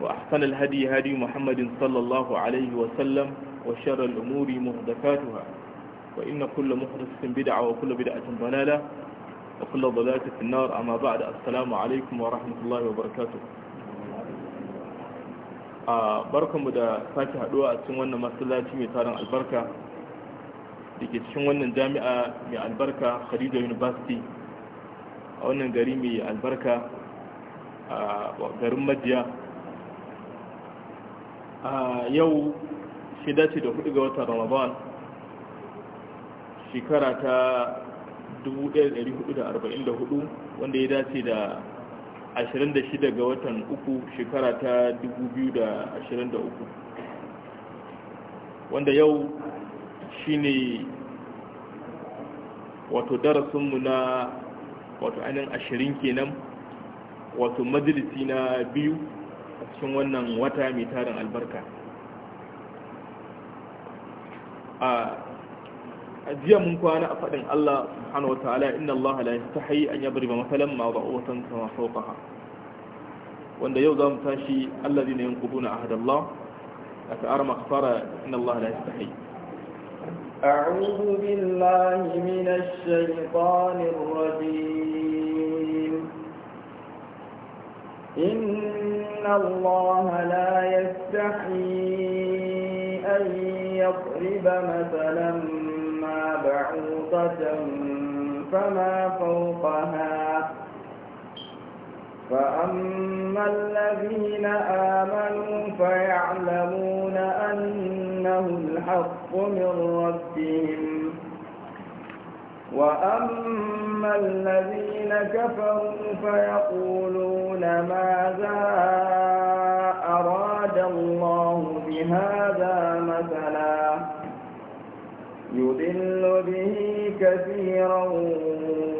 وأحسن الهدي هدي محمد صلى الله عليه وسلم وشر الأمور مهدفاتها وإن كل محدثة بدعة وكل بدعة ضلالة وكل ضلالة في النار أما بعد السلام عليكم ورحمة الله وبركاته barkanmu da sake haduwa a cikin wannan masallaci mai tarin albarka da ke cikin wannan jami'a mai albarka khadija university a wannan gari mai albarka a garin majiya a yau shida dace da hudu ga watan ramadan shekara ta 1444 wanda ya dace da 26 ga watan uku shekara ta 2023 wanda yau shine wato darasinmu na wato ainihin ashirin kenan wato majalisi na biyu a cikin wannan wata mai tarin albarka a jiya mun kwana a faɗin Allah subhanahu wa ta'ala inna Allah la yastahi an yadriba mathalan ma ba'watan kama fawqaha wanda yau zamu tashi alladhina yanquduna ahdallah aka arma khara inna Allah la yastahi أعوذ بالله من الشيطان الرجيم إن الله لا يستحي أن يضرب مثلا ما بعوضة فما فوقها فأما الذين آمنوا فيعلمون أنه الحق من ربهم وأما الذين كفروا فيقولون ماذا أراد الله بهذا مثلا يضل به كثيرا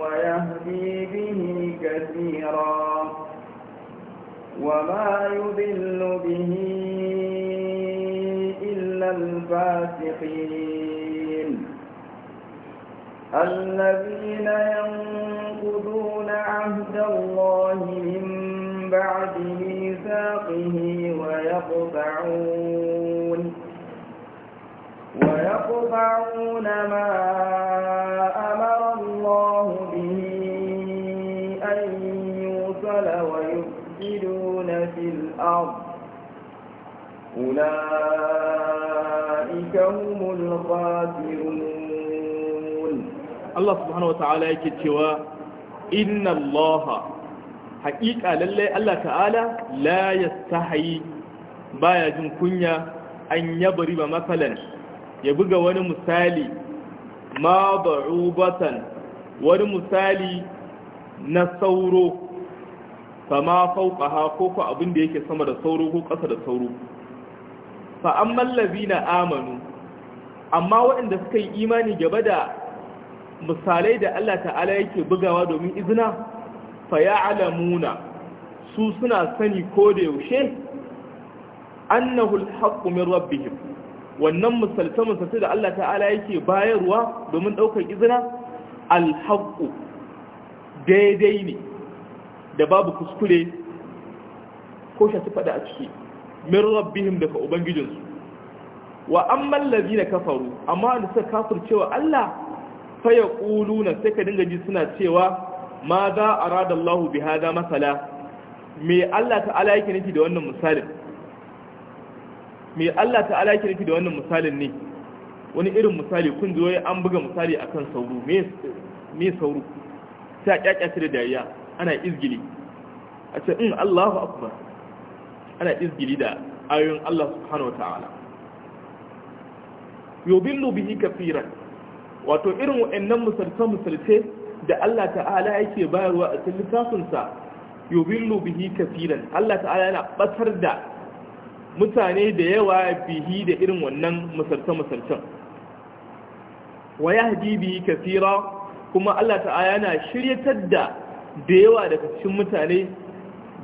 ويهدي به كثيرا وما يضل به إلا الفاسقين الذين ينقضون عهد الله من بعد ميثاقه ويقطعون ويقطعون ما أمر الله به أن يوصل ويفسدون في الأرض أولئك هم الخاسرون Allah subhanahu wata'ala yake cewa inna allaha haƙiƙa lallai Allah ta'ala la yastahi baya jin kunya an yabri ba matsalan ya buga wani misali ma ba'ubatan wani misali na sauro sama fauqaha ko ko abin da yake sama da sauro ko ƙasa da sauro fa amman lazina amanu amma waɗanda suka yi imani gaba da misalai da Allah ta'ala yake bugawa domin izina fa alamuna su suna sani ko da yaushe annahu al min rabbihim wannan misalta-misalta da Allah ta'ala yake bayarwa domin ɗaukar izina alhaƙu daidai ne da babu kuskure ko shatu fada a ciki min rabbihim daga ubangijinsu wa an mallabi kafaru amma da suka kafircewa Allah faya ƙuluna sai ka dinga ji suna cewa ma za a rada Allah bi haza masala me Allah ta'ala yake nufi da wannan misalin mai Allah ta'ala yake nufi da wannan misalin ne wani irin misali kun ji wai an buga misali akan sauro me sauro sai a shi da dariya ana izgili a ce in mm, Allahu akbar ana izgili da ayoyin Allah subhanahu wa ta'ala yubillu bihi kafiran wato irin waɗannan musulce-musulce da Allah ta'ala yake bayarwa a cikin littafinsa yubillu bihi kafiran Allah ta'ala yana batar da mutane da yawa bihi da irin wannan musulce-musulcen wa yahdi bihi kafira kuma Allah ta'ala yana shiryatar da da yawa daga cikin mutane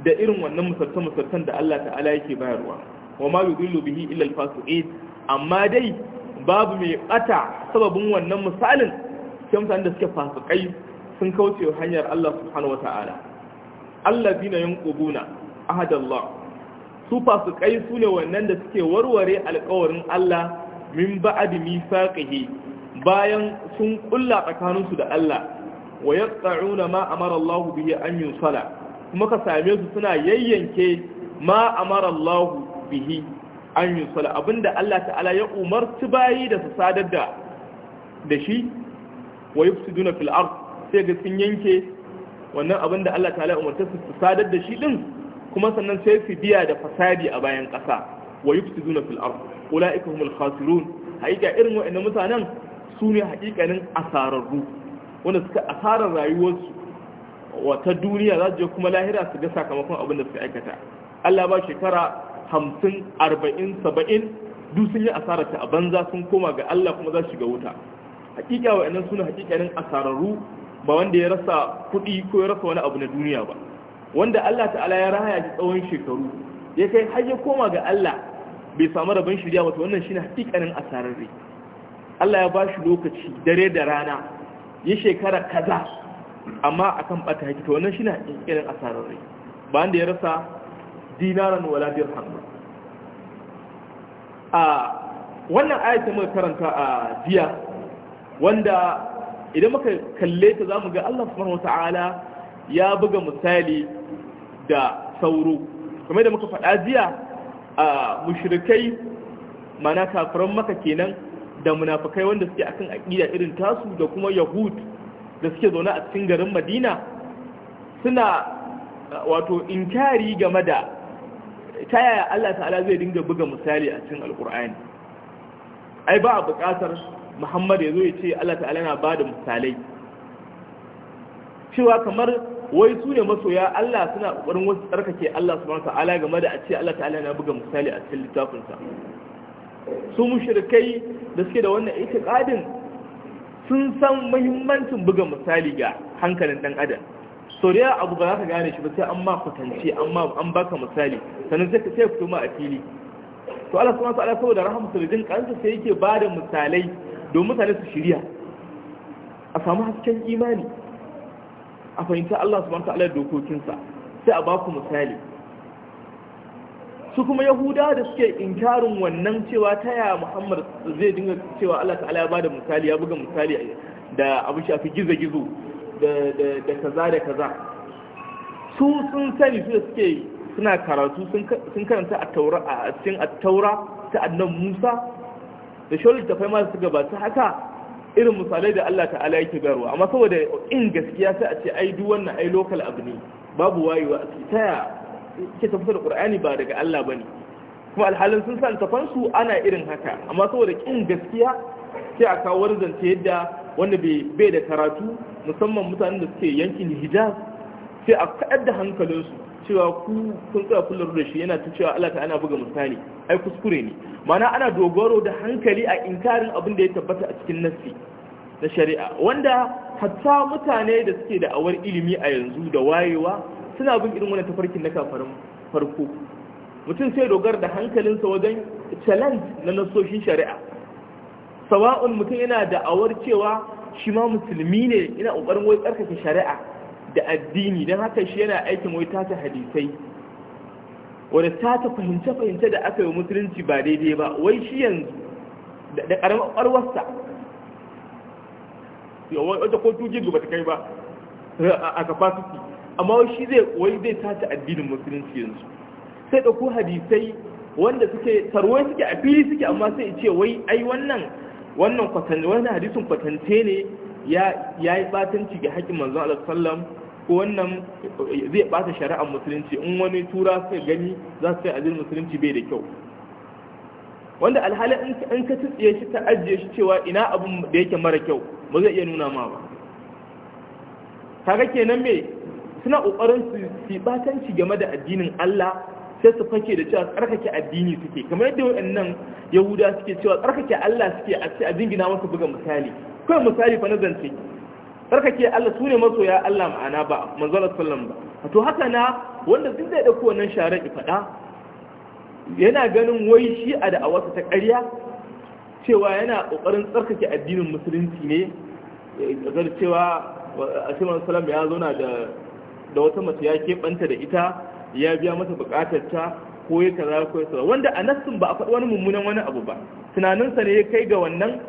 da irin wannan musulce-musulcen da Allah ta'ala yake bayarwa wa ma yudillu bihi illa al-fasiqin amma dai babu mai bata sababin wannan misalin sai da suke fasikai sun kauce hanyar Allah subhanahu wata'ala allazina yanquduna ahadallah su fasikai su ne wannan da suke warware alƙawarin Allah min ba'di misaqihi bayan sun ƙulla tsakaninsu da Allah wa yaqta'una ma Allah bihi an kuma ka same su suna yayyanke ma Allah bihi an yi sala abinda Allah ta'ala ya umarci bayi da su sadar da da shi wa yufsiduna fil ard sai ga sun yanke wannan abinda Allah ta'ala ya umarta su sadar da shi din kuma sannan sai su biya da fasadi a bayan ƙasa wa yufsiduna fil ard ulaika khasirun haƙiƙa irin waɗannan mutanen su ne haƙiƙanin asararru wanda suka asarar rayuwarsu wata duniya za su je kuma lahira su ga sakamakon abin da suka aikata Allah ba shekara hamsin arba'in saba'in duk sun yi ta. a banza sun koma ga Allah kuma za su shiga wuta hakika wa'annan suna hakikanin asararru ba wanda ya rasa kuɗi ko ya rasa wani abu na duniya ba wanda Allah ta'ala ya raya shi tsawon shekaru ya kai har ya koma ga Allah bai samu rabon shirya wata wannan shine hakikanin asararre Allah ya bashi lokaci dare da rana ya shekara kaza amma akan bata hakika wannan shine hakikanin asararre ba wanda ya rasa dinaran wala dirham a wannan ayata muka karanta a jiya wanda idan muka kalle ta zamu ga Allah subhanahu wataala ya buga misali da sauro kamar da muka faɗa jiya a mushrikai mana kafiran maka kenan da munafikai wanda suke akan aqida irin tasu da kuma yahud da suke zaune a cikin garin madina suna wato inkari game da ta yaya Allah ta'ala zai dinga buga misali a cikin alkur'ani ai ba a buƙatar muhammad ya zo ya ce Allah ta'ala na ba da misalai cewa kamar wai su ne masoya Allah suna ƙoƙarin wasu tsarkake Allah subhanahu ta'ala game da a ce Allah ta'ala na buga misali a cikin littafinsa su mushrikai da suke da wannan itiqadin sun san muhimmancin buga misali ga hankalin ɗan adam soriya abu ba za ka gane shi ba sai an ma kwatance an baka misali sannan sai ka sai fito ma a fili to Allah subhanahu wa ta'ala saboda rahmu da jin kansa sai yake ba da misalai domin mutane su shirya a samu hasken imani a fahimta Allah subhanahu wa ta'ala dokokinsa sai a baku misali su kuma yahuda da suke inkarin wannan cewa ta ya muhammad zai dinga cewa Allah ta'ala ya bada misali ya buga misali da abu shafi gizo-gizo da kaza da kaza su sun sani su da suke suna karatu sun karanta a taura a cikin taura ta annan musa da shawarar tafai masu gabata haka irin misalai da Allah ta'ala yake garwa amma saboda in gaskiya sai a ce ai duk wannan ai local abu ne babu wayewa a cikin taya ke tafsir Qur'ani ba daga Allah bane kuma alhalin sun san tafansu ana irin haka amma saboda in gaskiya sai a kawo zance yadda wanda bai da karatu musamman mutanen da suke yankin hijaz sai a kaɗar da hankalinsu cewa ku kun tsaya kullum da shi yana ta cewa Allah ta ana buga misali ai kuskure ne mana ana dogaro da hankali a inkarin abin da ya tabbata a cikin nassi na shari'a wanda hatta mutane da suke da awar ilimi a yanzu da wayewa suna bin irin wani tafarkin na kafarin farko mutum sai dogara da hankalinsa wajen challenge na nassoshin shari'a sawa'un mutum yana da awar cewa shi ma musulmi ne ina ƙoƙarin wai tsarkake shari'a da addini don haka shi yana aikin wai tata hadisai wadda tata fahimce-fahimce da aka yi musulunci ba daidai ba wai shi yanzu da ƙaramar ƙwarwarsa wata ko tuji ba ta kai ba a kafafiki. amma wai shi zai wai zai tata addinin musulunci yanzu sai ɗauko hadisai wanda suke tarwai suke a fili suke amma sai ce wai ai wannan wannan hadisin kwatance ne ya yi batanci ga haƙin manzo Allah sallam ko wannan zai bata shari'ar musulunci in wani tura suka gani za su kai azirin musulunci bai da kyau wanda alhali in ka tsiye shi ta ajiye shi cewa ina abin da yake mara kyau ba zai iya nuna ma ba Ta ga kenan me suna ƙoƙarin su yi batanci game da addinin Allah sai su fake da cewa tsarkake addini suke kamar yadda waɗannan yahuda suke cewa tsarkake Allah suke a ce a jingina masa buga misali kawai misali fa na zance tsarkake Allah su masoya Allah ma'ana ba sallallahu alaihi ba to haka na wanda duk zai dauko wannan sharar faɗa yana ganin wai shi a da'awarsa ta ƙarya cewa yana kokarin tsarkake addinin musulunci ne ga cewa a wasallam ya zauna da wata mace ya keɓanta da ita ya biya masa bukatar ta ko ya kaza ko ya kaza wanda a nassin ba a faɗi wani mummunan wani abu ba tunaninsa ne ya kai ga wannan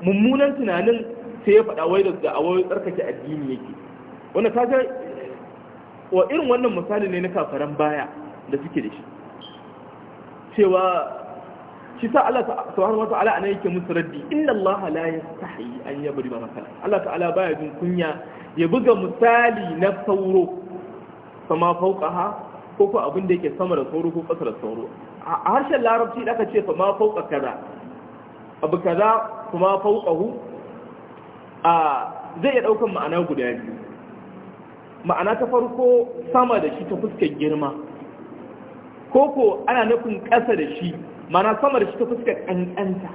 mummunan tunanin sai ya faɗa wai da awai tsarkake addini yake wanda ta ga wa irin wannan misali ne na kafaran baya da suke da shi cewa shi sa Allah subhanahu wa ta'ala anan yake musu raddi inna Allah la yastahi an yabri ma masal Allah ta'ala baya jin kunya ya buga misali na sauro fama ha, ko ko abin da yake sama da sauro ko ƙasa da sauro a harshen larabci da aka ce sama fauqa kaza abu kaza kuma fauqahu a zai iya ɗaukar ma'ana guda biyu ma'ana ta farko sama da shi ta fuskar girma ko ko ana nufin ƙasa da shi mana sama da shi ta fuskar ƙanƙanta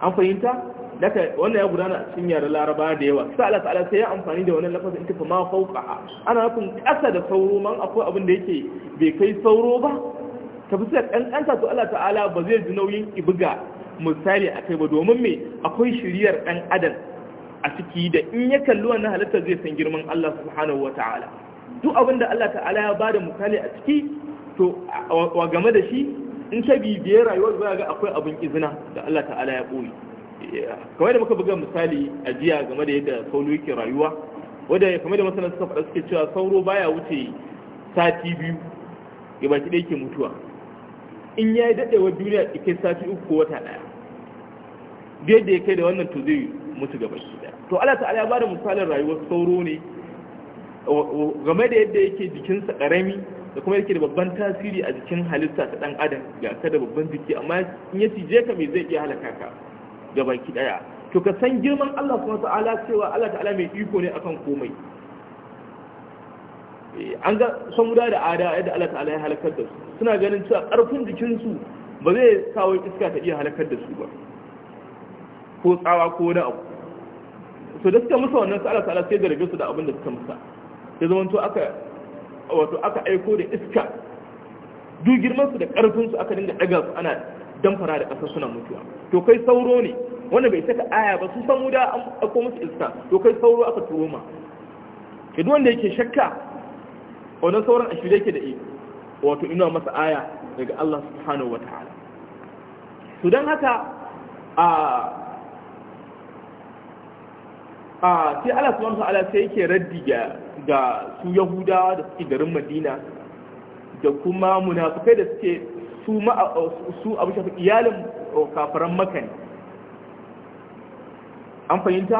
an fahimta daga wannan ya gudana a cikin yaren laraba da yawa sai Allah ta'ala sai ya amfani da wannan lafazin tafi ma fauqaha ana nufin kasa da sauro man akwai abin da yake bai kai sauro ba ta fi sai kankanta to Allah ta'ala ba zai ji nauyin ibiga misali a kai ba domin me akwai shiriyar dan adam a ciki da in ya kalli wannan halitta zai san girman Allah subhanahu wata'ala duk abin da Allah ta'ala ya bada misali a ciki to wa game da shi in ta bibiyar rayuwar zai ga akwai abin izina da Allah ta'ala ya koyi kamar da muka buga misali a jiya game da yadda sauro yake rayuwa wadda kamar da masana suka faɗa suke cewa sauro baya wuce sati biyu ya baki ɗaya ke mutuwa in ya yi daɗewar duniya da kai sati uku ko wata ɗaya da yadda ya kai da wannan to zai mutu gaba shi ɗaya to Allah ta'ala ya bada misalin rayuwar sauro ne game da yadda yake jikinsa ƙarami da kuma yake da babban tasiri a jikin halitta ta ɗan adam ga ka da babban jiki amma in ya cije ka mai zai iya halaka ka ga baki daya to ka san girman Allah subhanahu ta'ala cewa Allah ta'ala mai iko ne akan komai eh, an ga guda da ada yadda Allah ta'ala ya halakar da su suna ganin cewa karfin jikin su ba zai kawo iska ta iya halakar da su ba ko tsawa ko wani abu so da suka musa wannan sa'ala ta'ala sai garbe su da abin da suka musa ya zama to aka wato aka aiko da iska duk girman su da karfin su aka dinga daga su ana damfara da ƙasa suna mutuwa to kai sauro ne wanda bai saka aya ba sun samu da an ako musu iska to kai sauro aka turo ma ke duk wanda yake shakka wannan sauran a yake da iko wato ina masa aya daga Allah subhanahu wataala to dan haka a a sai Allah subhanahu wataala sai yake raddi ga ga su Yahudawa da suke garin Madina da kuma munafikai da suke su su abu shafi iyalin oh, kafaran maka ne an fahimta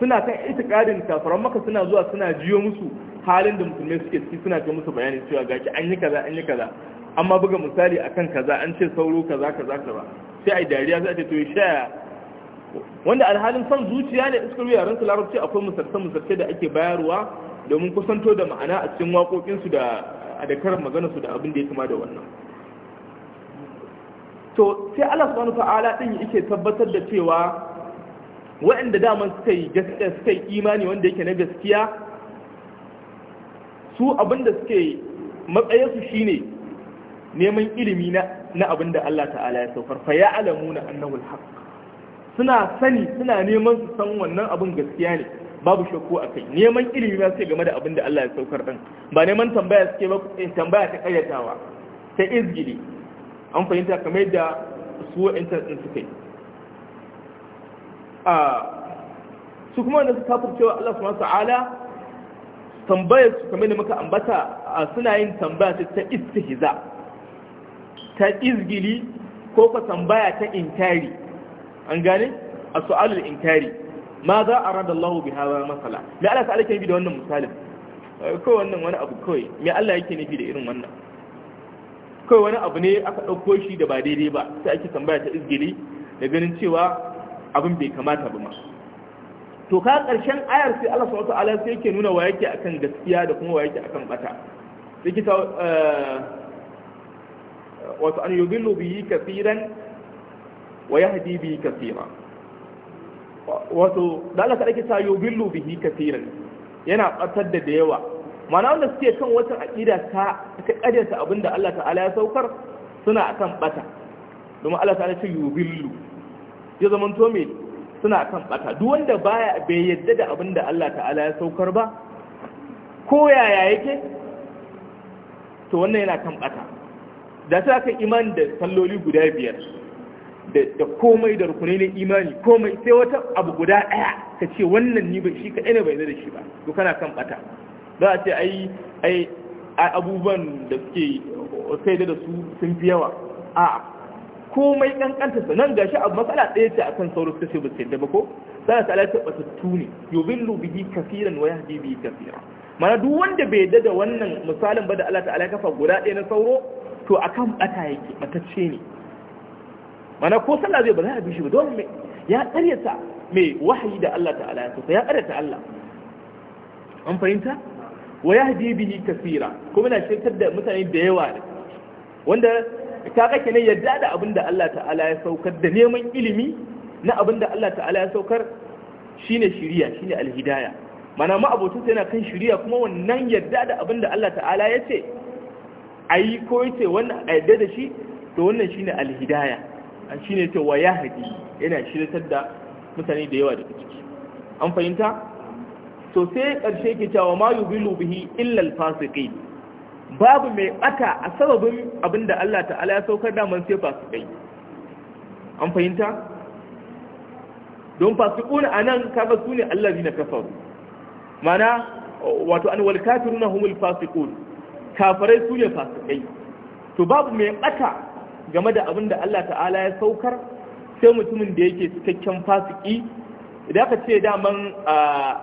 suna kan itikadin kafaran maka suna zuwa suna jiyo musu halin da musulmai suke ciki suna jiyo musu bayanin cewa gaki an yi kaza an yi kaza amma buga misali akan kaza an ce sauro kaza kaza kaza sai ai dariya za a ce to shaya wanda alhalin son zuciya ne iskar yaran su larabci akwai musarce musarce da ake bayarwa domin kusanto da ma'ana a cikin waƙoƙinsu da a da karin maganarsu da abin da ya kama da wannan to sai Allah subhanahu ta'ala din yake tabbatar da cewa waɗanda daman suka yi gaskiya suka yi imani wanda yake na gaskiya su abinda suke matsayinsu shine neman ilimi na na abinda Allah ta'ala ya saukar fa ya'lamuna annahu al-haq suna sani suna neman su san wannan abin gaskiya ne babu shakku akai, neman ilimi ba sai game da abin da Allah ya saukar din ba neman tambaya suke ba eh, tambaya ta kayyatawa ta izgili an fahimta kamar yadda su wa'intar ɗin suka yi a su kuma wanda su kafin cewa Allah su masu ala tambayar su kamar da muka ambata suna yin tambaya ta hiza ta izgili ko ka tambaya ta inkari an gane a su'alul inkari ma za a rada Allah bi hawa masala mai Allah ta ke bi da wannan misalin ko wannan wani abu kawai me Allah yake nufi da irin wannan kawai wani abu ne aka ɗauko shi da ba daidai ba sai ake tambaya ta izgili da ganin cewa abin bai kamata ba ma to ka ƙarshen ayar sai Allah subhanahu wataala sai yake nuna wa yake akan gaskiya da kuma wa yake akan bata sai kita eh, wato an yudillu bihi kaseeran wa yahdi bihi kaseera wato da Allah ka ta yudillu bihi kaseeran yana batar da da yawa mana wanda suke kan wata aƙida ta ta ƙaryata abin da Allah ta'ala ya saukar suna akan bata domin Allah ta'ala ce yubillu ya zama to me suna akan bata duk wanda baya bai yadda da abin da Allah ta'ala ya saukar ba ko yaya yake to wannan yana kan bata da ta kan iman da salloli guda biyar da komai da rukunai na imani komai sai wata abu guda ɗaya ka ce wannan ni ba shi kaɗai ne bai da shi ba to kana kan bata za a ce ai ai abubuwan da suke sai da su sun fi yawa a komai kankanta sanan nan gashi abu matsala ɗaya ce akan sauro suka ce ba su yadda ba ko sai ta batattu ne yubillu bihi kafiran wa yahdi bihi kafira mana duk wanda bai yadda da wannan misalin ba da Allah ta'ala ya kafa guda ɗaya na sauro to akan bata yake batacce ne mana ko sallah zai ba za a bi shi ba don ya karyata mai wahayi da Allah ta'ala ya ya karyata Allah an fahimta wa yahdi bihi kaseera kuma na shirkar da mutane da yawa ne wanda ta kake ne yadda da abin da Allah ta'ala ya saukar da neman ilimi na abin da Allah ta'ala ya saukar shine shiriya shine alhidaya mana ma abotun sai yana kan shiriya kuma wannan yadda da abin da Allah ta'ala ya ce ayi ko yace wannan a yadda da shi to wannan shine alhidaya an shine ce wa yahdi yana shirkar da mutane da yawa daga ciki an fahimta to sai ƙarshe ke cewa ma yubilu bihi illa alfasiqi babu mai ɓata a sababin abinda Allah ta'ala ya saukar da man sai fasikai an fahimta don a anan kaga sune zina kafar mana wato an wal kafiruna humul fasiqun su sune fasikai to babu mai ɓata game da abinda Allah ta'ala ya saukar sai mutumin da yake cikakken fasiki idan aka ce daman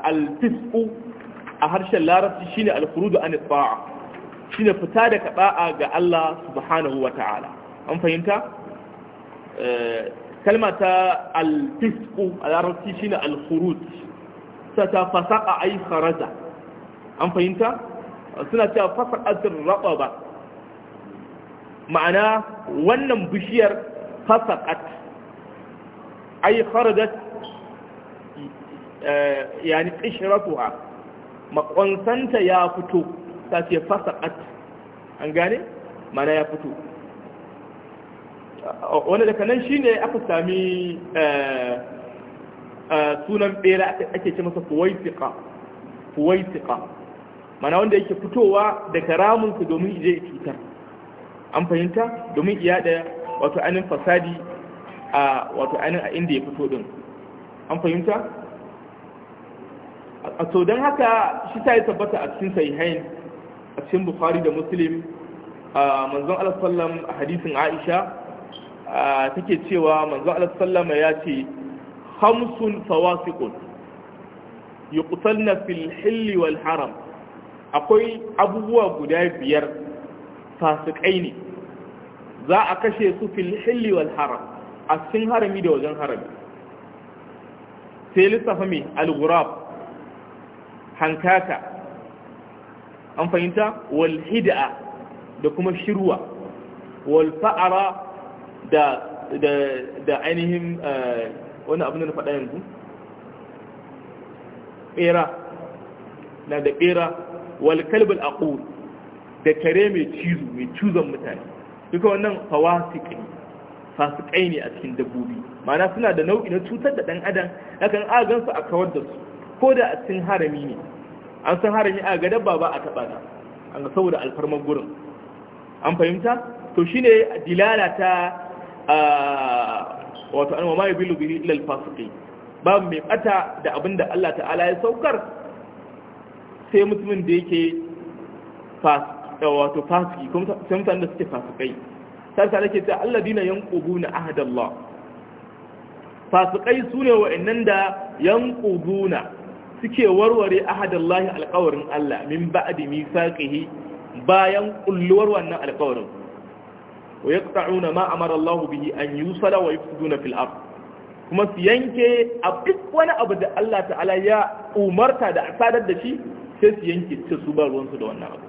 alfisku a harshen larabci shine alfurudu an ta'a shine fita daga ta'a ga Allah subhanahu wa ta'ala an fahimta e, kalma ta alfisku a larabci shine alfurud ta ta fasaka ai kharaja an fahimta suna cewa fasaqatir raqaba ma'ana wannan bishiyar fasaqat ai kharajat Eh, yani qishratuha maƙwansanta ya fito ta ce fasaqat an gane mana ya fito wanda daga nan shine aka sami eh, eh, sunan bera ake ce masa kuwaitiqa kuwaitiqa mana wanda yake fitowa daga ramunsa domin ije cutar an fahimta domin iya da wato anin fasadi a wato anin a inda ya fito din an fahimta a to don haka shi ta yi tabbata a cikin sahihain a cikin bukhari da muslim a manzon alasallam a hadisin aisha take cewa manzon alasallam ya ce hamsun fawasiqun yuqtalna fil hilli wal haram akwai abubuwa guda biyar fasikai ne za a kashe su fil hilli wal haram a cikin harami da wajen harami sai lissafa mai al-ghurab hankaka an fahimta wal hid'a da kuma shirwa wal fa'ara da da da ainihin eh, wani abin da na faɗa yanzu bera na da bera wal kalbul aqul da kare mai cizo mai cizon mutane duka wannan fawasiqi fasikai ne a cikin dabbobi ma'ana suna da nau'i na cutar da dan adam akan agansu a kawar da su ko da a cikin harami ne an san harami a ga dabba ba a taɓa ta an ga saboda alfarmar gurin an fahimta to shine dilala ta wato an mamaye bilu bihi ilal fasiki babu mai bata da abinda Allah ta'ala ya saukar sai mutumin da yake wato fasiki kuma mutane da suke fasikai sai sa nake cewa alladina yanquduna ahdallah fasikai sune wa'annan da yanquduna suke warware ahadallahi alƙawarin Allah min ba'di misaqihi bayan kulluwar wannan alƙawarin wa yaqta'una ma amara Allah bihi an yusala wa yufsiduna fil ard kuma su yanke a duk wani abu da Allah ta'ala ya umarta da asadar da shi sai su yanke ce su ba ruwansu da wannan abu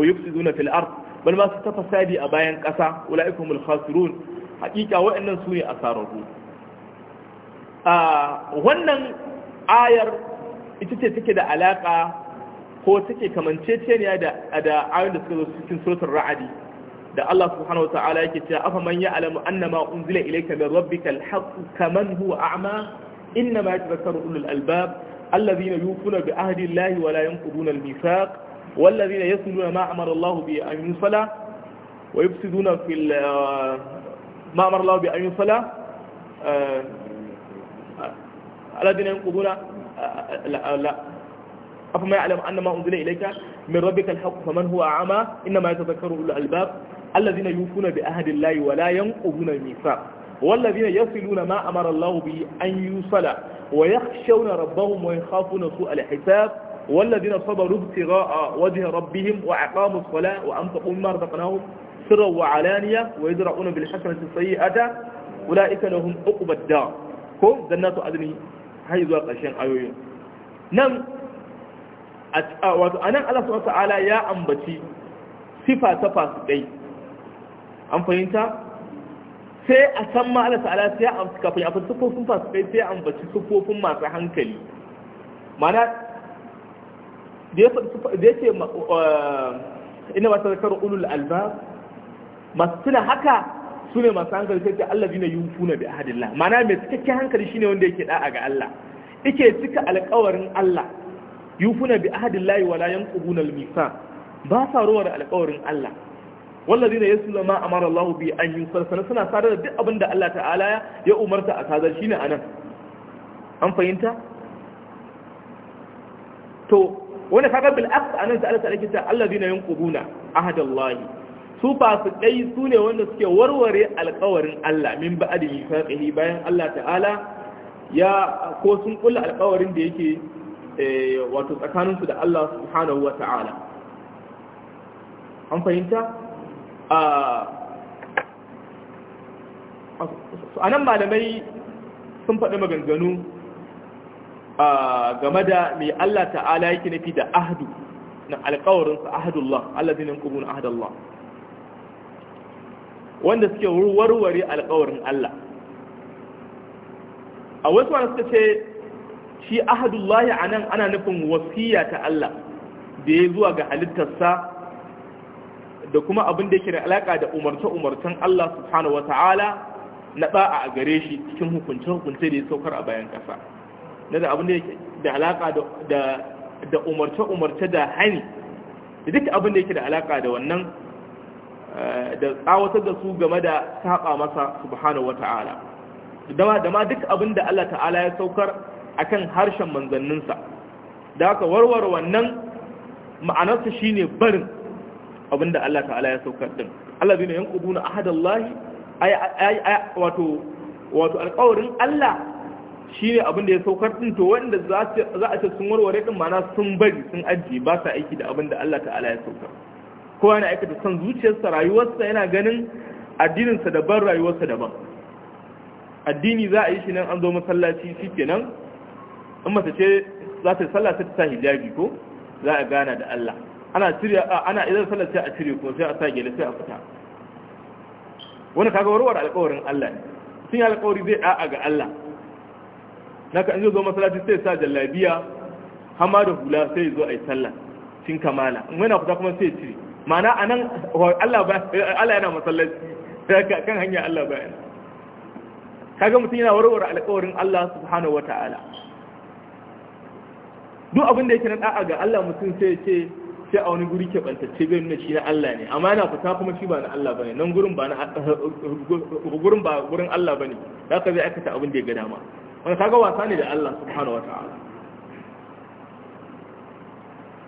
wa yufsiduna fil ard bal ma su tafasadi a bayan ƙasa ulaikumul khasirun Hakika waɗannan su ne asararru a wannan ayar ita ce take da alaka ko take kamanceceniya da da ayoyin da suka zo cikin suratul ra'adi da Allah subhanahu wataala yake cewa afa man ya'lamu annama unzila ilayka min rabbikal haqq kaman huwa a'ma innama yatadhakkaru ulul albab alladhina yufuna bi ahdi Allahi wa la yanquduna al-mithaq والذين يصلون ما أمر الله به أن يصلى ويفسدون في ما أمر الله لا, لا أفما يعلم أن ما أنزل إليك من ربك الحق فمن هو أعمى إنما يتذكر أولو الألباب الذين يوفون بأهد الله ولا ينقضون الميثاق والذين يصلون ما أمر الله به أن يوصل ويخشون ربهم ويخافون سوء الحساب والذين صبروا ابتغاء وجه ربهم وأقاموا الصلاة وأنفقوا مما رزقناهم سرا وعلانية ويزرعون بالحسنة السيئة أولئك لهم عقبى الدار هم جنات عدن har zuwa ƙarshen ayoyin nan wato anan Allah subhanahu ta'ala ya ambaci sifa ta fasikai an fahimta sai a san ma Allah ta'ala sai a kafin a fasa fasu fasikai sai ambaci sufofin masu hankali mana da ya ce ina masu zakar ulul alba masu tuna haka su ne masu hankali sai ce Allah zina yin na bi ahadillah mana mai cikakke hankali shine wanda yake da'a ga Allah yake cika alƙawarin Allah yufuna bi ahadillah wala yanquduna al-misa ba sa ruwa da alƙawarin Allah wallazi ne yasu ma amara Allah bi an yusar suna sadar da duk abin da Allah ta'ala ya umarta a sadar shine anan an fahimta to wani kaga bil aqsa anan sai Allah ta alƙita allazina yanquduna ahadallahi su ɗai su ne wanda suke warware alkawarin Allah min ba'adi mifaqihi bayan Allah ta'ala ya ko sun kulla alkawarin da yake eh, wato tsakaninsu da Allah subhanahu wata'ala an fahimta a nan malamai sun faɗi maganganu game da mai Allah ta'ala yake nufi da ahdu na alkawarinsa ahadullah Allah zai nan kubun wanda suke warware alkawarin Allah a wasu wani suka ce shi ahadullahi a nan ana nufin wasiya ta Allah da ya zuwa ga halittarsa da kuma abin da yake da alaƙa da umarce-umarcen Allah subhanahu wata'ala na ɗa'a a gare shi cikin hukunce-hukunce da ya saukar a bayan ƙasa na da abin da yake da alaƙa da umarce-umarce da hani da duk abin da yake da alaƙa da wannan Eh, da tsawatar da su game da saba masa subhanahu wata'ala da ma duk abin da Allah ta'ala ya saukar akan harshen manzanninsa da aka warware wannan ma'anarsa shine barin abin da Allah ta'ala ya saukar din Allah zai ne na ahadallahi ay wato wato alƙawarin Allah shine abin da ya saukar din to wanda za a ce sun warware din ma'ana sun bari sun ajiye ba sa aiki da abin da Allah ta'ala ya saukar kowa na aikata son zuciyarsa rayuwarsa yana ganin addininsa daban rayuwarsa daban addini za a yi shi nan an zo masallaci shi ke nan, in mace ce za ta sallah ta sa hijabi ko za a gana da Allah ana cire ana idan sallah sai a cire ko sai a sa gele sai a fita wani kaga warwar alƙawarin Allah ne sun yi alƙawari zai da'a ga Allah naka in zo masallaci sai sa jallabiya hama da hula sai zo a yi sallah cin kamala in wani fita kuma sai cire mana a nan Allah yana masallaci kan hanyar Allah bayan kaga mutum yana warware alkawarin Allah subhanahu wata'ala duk abin da yake na ɗa'a ga Allah mutum sai ya ce sai a wani guri keɓantacce bai nuna shi na Allah ne amma yana fita kuma shi ba na Allah bane nan gurin ba na gurin ba gurin Allah bane za ka zai aikata abin da ya ga dama wani kaga wasa ne da Allah subhanahu wata'ala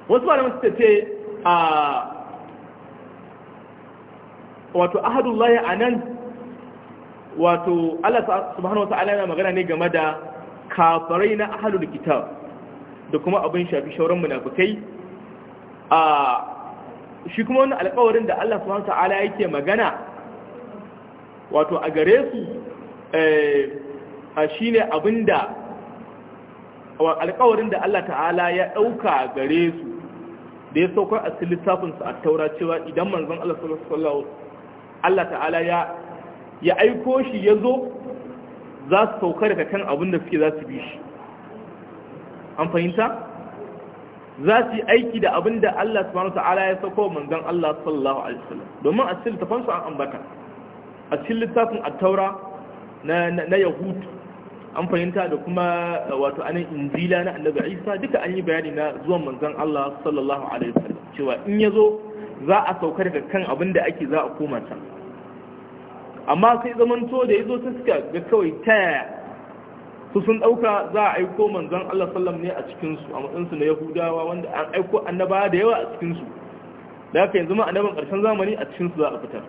wasu malaman suka ce a wato ahadullahi a nan wato Allah subhanahu wa ta'ala yana magana ne game da kafarai na ahalul kitab da kuma abin shafi shauran munafikai a shi kuma wannan alƙawarin da Allah subhanahu wa ta'ala yake magana wato a gare su eh, a shine abinda alƙawarin da Allah ta'ala ya ɗauka gare su da ya saukar a cikin a taura cewa idan manzon Allah sallallahu Allah ta'ala ya ya aiko shi ya zo za su sauka daga kan abin da suke za su bi shi an fahimta za su yi aiki da abin da Allah subhanahu ta'ala ya sako manzon Allah sallallahu alaihi wasallam domin a cikin tafan su an ambata a cikin littafin at-taura na na yahud an fahimta da kuma wato anan injila na annabi Isa duka an yi bayani na zuwan manzon Allah sallallahu alaihi wasallam cewa in yazo za a sauka daga kan abin da ake za a koma can amma sai zamanto da ya zo ta suka ga kawai ta yaya su sun ɗauka za a aiko manzon Allah sallam ne a cikinsu a matsinsu na yahudawa wanda an aiko annaba da yawa a cikinsu da aka yanzu ma annaban ƙarshen zamani a cikinsu za a fitar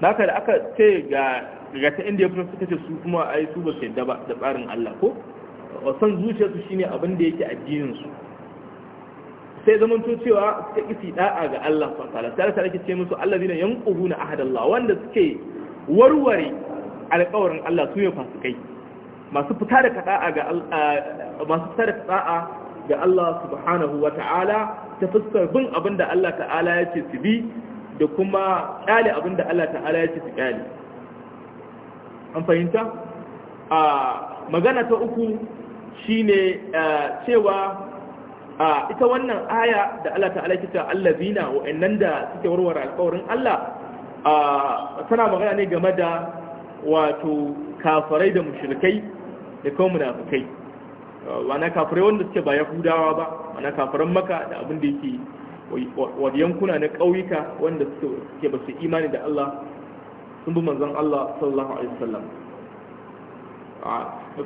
da aka da aka ce ga ta inda ya fitar suka ce su kuma ai su ba su yadda ba da tsarin Allah ko wasan zuciyarsu shine abin da yake addinin su sai zaman to cewa suka isi da'a ga Allah subhanahu wataala sai Allah yake ce musu allazina na ahadallah wanda suke warware alƙawarin Allah su ne fasikai masu fita da kada'a ga masu fita da kada'a ga Allah subhanahu ta'ala ta fuskar bin abinda Allah ta'ala ya ce su bi da kuma kyale abinda Allah ta'ala ya ce su ƙyale. an fahimta a magana ta uku shine eh, cewa a ita wannan aya da Allah ta'ala kita allazina wa'annan da suke warware alƙawarin Allah a tana magana ne game da wato kafirai da mushrikai da kuma munafikai wana kafirai wanda suke ba yahudawa ba wana kafiran maka da abin da yake wa yankuna na ƙauyuka wanda suke ba su imani da Allah sun bi manzon Allah sallallahu alaihi wasallam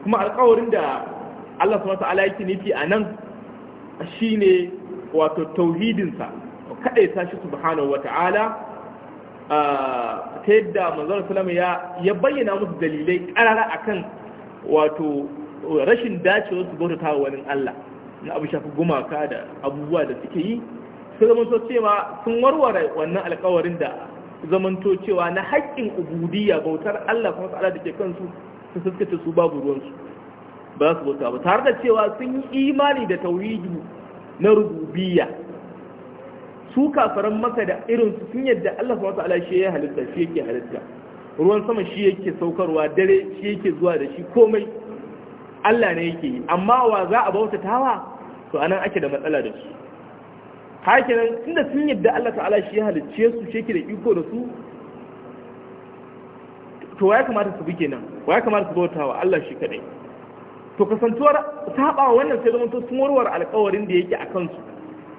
kuma alƙawarin da Allah subhanahu wa ta'ala yake nufi a nan shine wato tauhidinsa kaɗai ta shi subhanahu wa ta'ala ta yadda manzon salama ya bayyana musu dalilai ƙarara akan wato rashin dacewa su bauta wa wani Allah na abu shafi gumaka da abubuwa da suke yi su zamanto cewa sun warware wannan alkawarin da zamanto cewa na haƙƙin ubudiyya bautar Allah kuma da ke kansu su suskata su babu ruwansu ba su bauta ba tare da cewa sun yi imani da tauridu na rububiyya su kafaran maka da irin su sun yadda Allah subhanahu wataala shi ya halitta shi yake halitta ruwan sama shi yake saukarwa dare shi yake zuwa da shi komai Allah ne yake yi amma wa za a bauta tawa to anan ake da matsala da su hakinan tunda sun yadda Allah ta'ala shi ya halicce su shi yake da iko da su to wa ya kamata su bi kenan wa ya kamata su bautawa Allah shi kadai to kasantuwar saba wannan sai zama sun warware alƙawarin da yake a kansu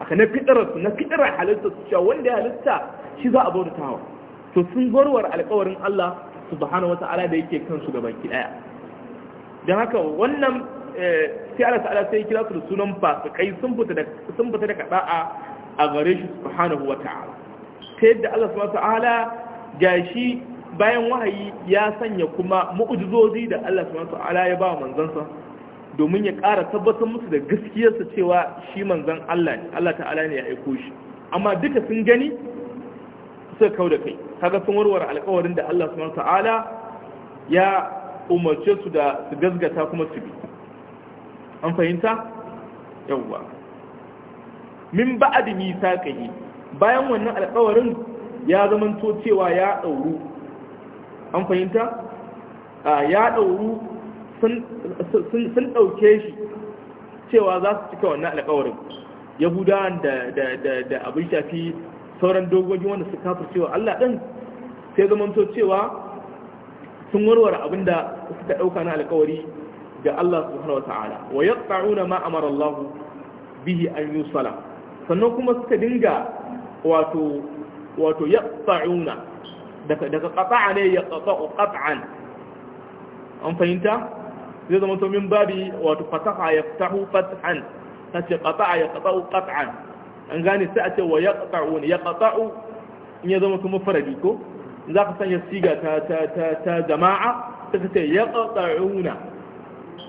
aka na su na fitarar halitta su cewa wanda ya halitta shi za a bauta bautawa to sun warware alƙawarin Allah subhanahu ta'ala da yake kansu ga baki daya dan haka wannan eh, sai Allah ta'ala sai kira su da sunan fasikai sun fita da sun fita da kada'a a gare shi subhanahu ta'ala. ta yadda Allah subhanahu ta'ala gashi bayan wahayi ya sanya kuma mu'ujizozi da Allah subhanahu ta'ala ya ba manzansa domin ya ƙara tabbatar musu da gaskiyarsa cewa shi manzan Allah ne Allah ta'ala ne ya aiko shi amma duka sun gani suka kau da kai kaga sun warware alƙawarin da Allah subhanahu ta'ala ya umarce su da su gazgata kuma su bi an fahimta yawwa min ba'd mithaqihi bayan wannan alƙawarin ya zamanto cewa ya dauru an fahimta ah, ya dauru sun ɗauke shi cewa za su cika wannan alkawarin yahudawan da abin shafi sauran dogogin wanda su kafa cewa allah ɗin sai zamanto cewa sun warware abin da suka ɗauka na alkawari ga allah subhanahu wata'ala wa ya tsaruna ma allahu bihi an yi sala sannan kuma suka dinga wato ya tsaruna daga ƙasa ne ya ƙasa'u ƙasa an fahimta zai zama to min babi wato fataha yaftahu fathan tace qata'a yaqta'u qat'an an gane sai a ce wa ya qata'u in ya zama kuma faradi ko za ka sanya siga ta ta ta ta jama'a ta ce yaqta'una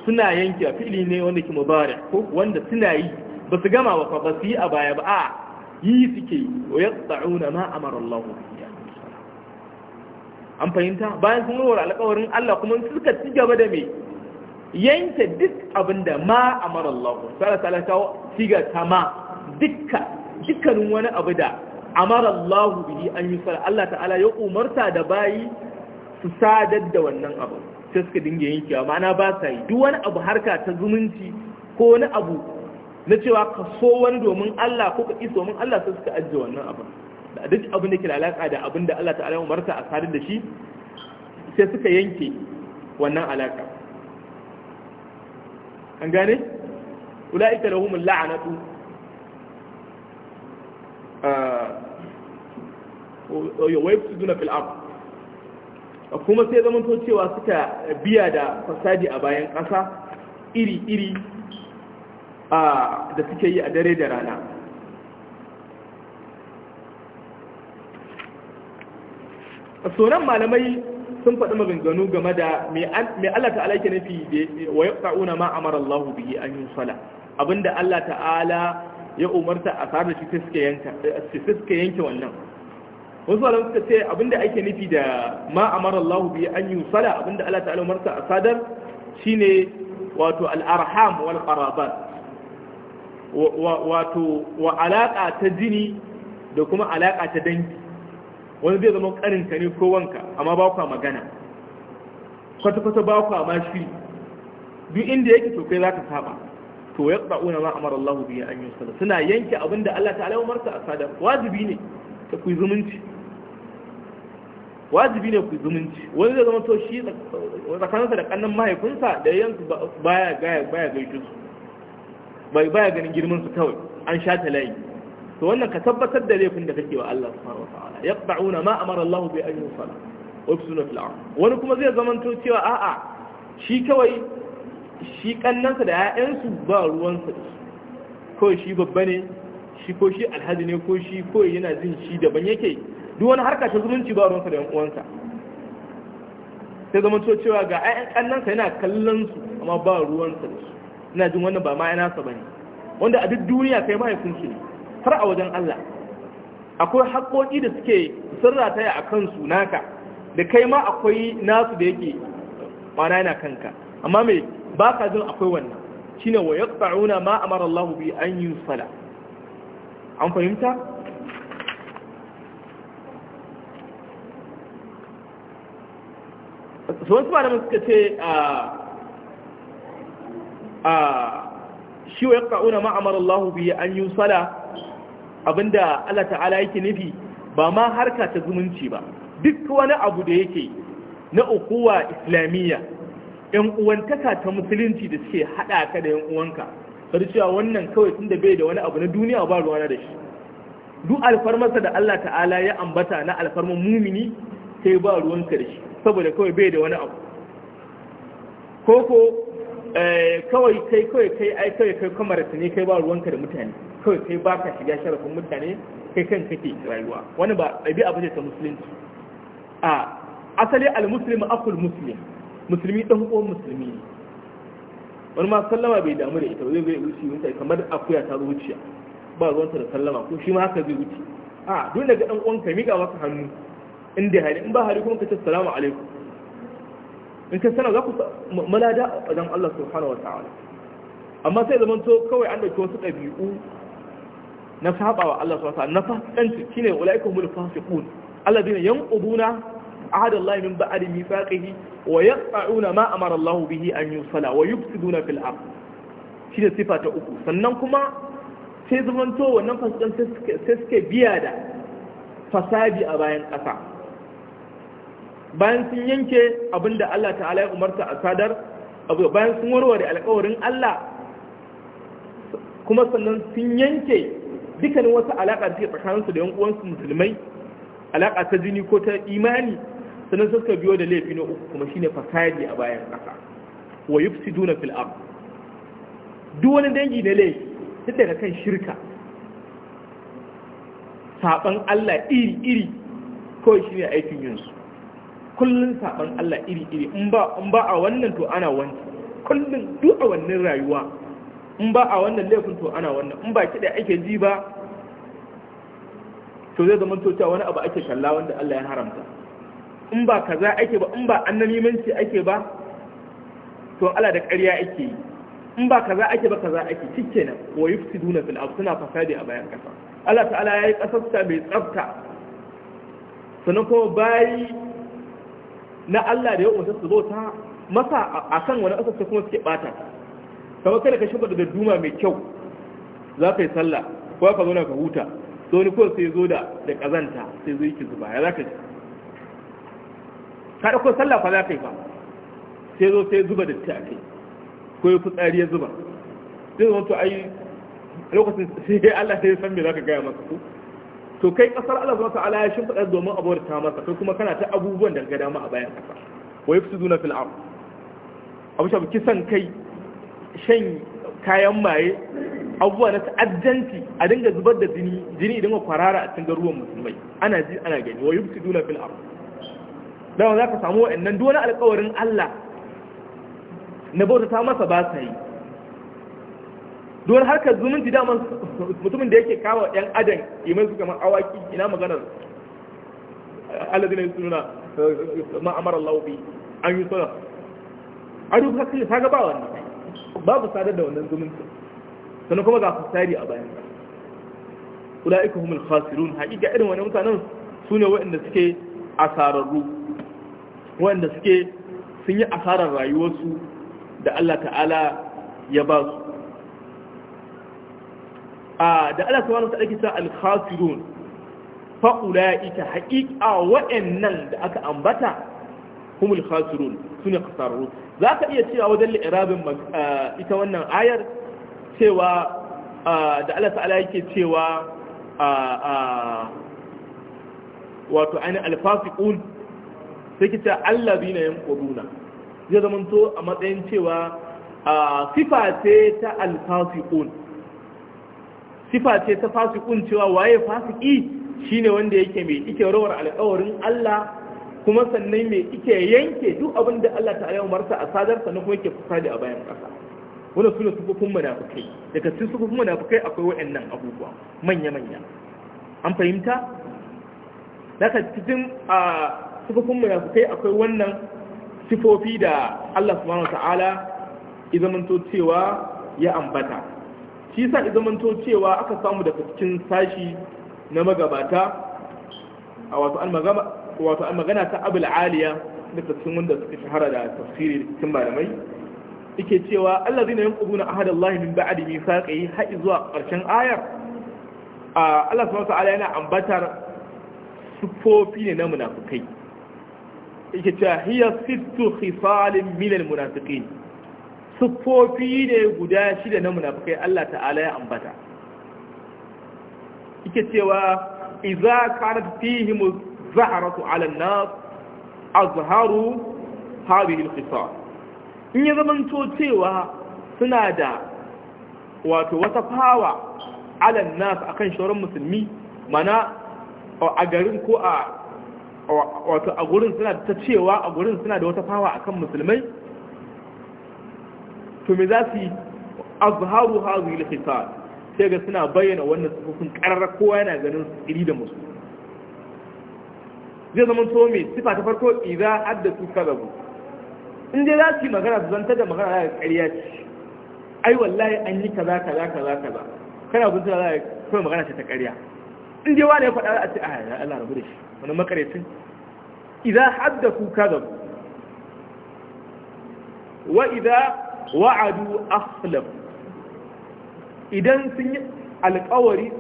suna yanke fili ne wanda ke mubarak ko wanda suna yi ba su gama ba ba su yi a baya ba a yi suke wa yaqta'una ma amara Allah an fahimta bayan sun warware alƙawarin Allah kuma suka ci gaba da me yanke duk abinda ma amara Allah sai ta kawo ta ma dukkan dukkanin wani abu da amara Allah bihi an yi sala Allah ta'ala ya umarta da bayi su sadar da wannan abu sai suka dinga yankewa ma'ana ba sa yi duk wani abu harka ta zumunci ko wani abu na cewa ka so wani domin Allah ko ka iso domin Allah sai suka ajiye wannan abu da duk abin da ke da alaka da abin da Allah ta'ala ya umarta a sadar da shi sai suka yanke wannan alaka an gane da lahumul la'anatu ah, oh, wa yafsiduna fil ardh ah, kuma sai zamanto cewa suka biya da fasadi a bayan ƙasa iri-iri ah, da suke yi a dare da rana sonan malamai sun faɗi maganganu game da mai Allah ta'ala yake nufi wa yaqta'una ma amara Allah bihi an sala abinda Allah ta'ala ya umarta a tare da shi fiske yanka yanke wannan wasu malamai suka ce abinda ake nufi da ma amara Allah bihi an sala abinda Allah ta'ala umarta a sadar shine wato al-arham wal qarabat wato wa alaka ta jini da kuma alaka ta dangi wani zai zama karinta ne ko wanka amma ba kwa magana kwata-kwata ba kwa ma shiri duk inda yake to kai za ka saba to ya ƙa'una ma amara Allah biya an yi sallah suna yanke abin da Allah ta'ala ya umarta a sadar wajibi ne ta ku zumunci wajibi ne ku zumunci wani zai zama to shi tsakaninsa da kannan mahaifinsa da yanzu baya baya gaishe su bai baya ganin girman su kawai an sha ta layi to wannan ka tabbatar da laifin da kake wa Allah subhanahu wataala yaqta'una ma amara Allah bi an yusala wafsuna fil ard wani kuma zai to cewa a'a shi kawai shi kannansa da 'ya'yansu ba ruwansa ko shi babba ne shi ko shi alhaji ne ko shi ko yana jin shi daban yake duk wani harka ta zumunci ba ruwansa da yan uwansa sai to cewa ga 'ya'yan kannansa yana kallon su amma ba ruwansa da su ina jin wannan ba ma yana sa bane wanda a duk duniya kai shi ne har a wajen Allah akwai haƙoƙi da suke sirra taya a kansu naka da kai ma akwai nasu da yake ɓana yana kanka amma mai ba ka jin akwai wannan ne wa yaqta'una ma amara Allah bi an Sala, an fahimta su wasu malamin suka ce a shi wa ya ƙa'una ma'amar Allah biyu an yi sala abinda Allah ta'ala yake nufi ba ma harka ta zumunci ba duk wani abu da yake na ukuwa islamiyya yan uwantaka ta musulunci da suke haɗa ka da yan uwanka sai cewa wannan kawai tunda bai da wani abu na duniya ba ruwana da shi duk alfarmarsa da Allah ta'ala ya ambata na alfarmar mumini sai ba ruwanka da shi saboda kawai bai da wani abu koko eh, kawai kai kawai kai ai kawai kai kamar ne kai ba ruwanka da mutane kawai kai ba ka shiga sharafin mutane kai kan kake rayuwa wani ba ɗabi'a abu ce ta musulunci a asali al-muslim akul muslim musulmi dan uwan musulmi ne wani ma sallama bai damu da ita zai wuce wuce kamar akuya ta zuciya, ba ba ta da sallama ko shi ma haka zai wuce a duk daga dan uwanka miƙa maka hannu in da hari in ba hari kuma ka ce salamu alaikum in ka sanar za ku malada a wajen Allah subhanahu wa ta'ala amma sai zaman to kawai an dauki wasu ɗabi'u na saba wa Allah subhanahu na fasikanci shine ulaikum hul fasiqun alladhina yanquduna ahada Allah min ba'di mithaqihi wa yaqta'una ma amara Allah bihi an yusala wa yufsiduna fil ard shine sifa ta uku sannan kuma sai zamanto wannan fasikanci sai suke biya da fasadi a bayan ƙasa bayan sun yanke da Allah ta'ala ya umarta a sadar bayan sun warware alƙawarin Allah kuma sannan sun yanke dukkanin wasu alaƙa da ke tsakaninsu da yan uwansu musulmai alaƙa ta jini ko ta imani sannan suka biyo da laifi na uku kuma shine fasadi a bayan ƙasa wa yufsiduna fil ard duk wani dangi na laifi duk daga kan shirka saban Allah iri iri kawai ne aikin yinsu kullun saban Allah iri iri in ba in ba a wannan to ana wani kullun duk a wannan rayuwa in ba a wannan laifin to ana wannan in ba kiɗa ake ji ba to zai zama cewa wani abu ake kalla wanda Allah ya haramta in ba kaza ake ba in ba annalimanci ake ba to Allah da ƙarya ake yi in ba kaza ake ba kaza ake cike nan wa yufsiduna fil ard suna fasadi a bayan kasa Allah ta'ala yayi kasafta mai tsafta sannan kuma bayi na Allah da ya umarta su ta masa akan wani asasi kuma suke bata ta kamar kada ka shimfa da duma mai kyau za ka yi sallah ko ka zauna ka huta so ni ko sai zo da da kazanta sai zo yake zuba ya za ka ji ka ɗauko sallah fa za ka yi fa sai zo sai zuba da ta kai ko yi fitsari ya zuba zai zama to ai lokacin sai Allah sai san me za ka gaya masa ko to kai kasar Allah subhanahu ta'ala ya shimfiɗa domin abuwar ta masa kai kuma kana ta abubuwan da ga dama a bayan kasa wa yafsiduna fil ard abu shabu kisan kai shan kayan maye abubuwa na ta'addanci a dinga zubar da jini jini idan kwarara a cikin garuwan musulmai ana ji ana gani wa yubti dula fil ardh dan za ka samu wannan dole alƙawarin Allah na bauta ta masa ba sa yi dole ka zumunci man mutumin da yake kama ɗan adam imai su kamar awaki ina maganar alladina yusuna ma amara Allah bi an yusuna a duk haka ka ga ba wannan babu sadar da wannan zumunci sannan kuma ga fasari a bayan ula'ika humul khasirun hakika irin wani mutanen su ne waɗanda suke asararru waɗanda suke sun yi asarar rayuwarsu da Allah ta'ala ya ba su a da Allah subhanahu wa ta'ala ta al-khasirun fa ula'ika haƙiƙa waɗannan da aka ambata humul khasirun sune Za ka iya cewa wajen li'irabin ita wannan ayar cewa da Allah ta'ala yake cewa wato ainihin alfasiqun sai kita allazina yanquduna zai zama to a matsayin cewa sifa ce ta alfasiqun sifa ce ta fasiqun cewa waye fasiki shine wanda yake mai ike rawar alƙawarin Allah kuma sannan mai ike yanke duk abin da Allah ta'ala ya marsa a sadar sannan kuma yake fasadi a bayan ƙasa wannan sune sufufin munafikai daga cikin sufufin munafikai akwai waɗannan abubuwa manya manya an fahimta daga cikin a sufufin munafikai akwai wannan sifofi da Allah subhanahu ta'ala izamanto cewa ya ambata shi sa izamanto cewa aka samu daga cikin sashi na magabata a wasu al wato magana ta abul aliya da tafsirin wanda suka shahara da tafsiri cikin malamai yake cewa Allah na allazina yanquduna ahadallahi min ba'di mithaqihi har zuwa karshen ayar Allah subhanahu wataala yana ambatar sufofi ne na munafikai yake cewa hiya sittu khisalin min almunafiqin sufofi ne guda shida na munafikai Allah ta'ala ya ambata yake cewa idza kanat fihim zaharatu ala nas azharu hadhihi al-qisar in ya to cewa suna da wato wata fawa ala nas akan shauran musulmi mana a garin ko a wato a gurin suna ta cewa a gurin suna da wata fawa akan musulmai to me za su yi azharu hadhihi al-qisar sai ga suna bayyana wannan sufufin karar kowa yana ganin iri da musu zai zama to mai sifa ta farko idza haddathu kadabu in dai za su yi magana su zanta da magana za ƙarya ce ai wallahi an yi kaza kaza kaza kaza kana bin tana za ka magana ce ta ƙarya in dai wani ya faɗa a ce a ya Allah rabu da shi wani makarecin idza haddathu kadabu wa idza wa'adu aslaf idan sun yi alƙawari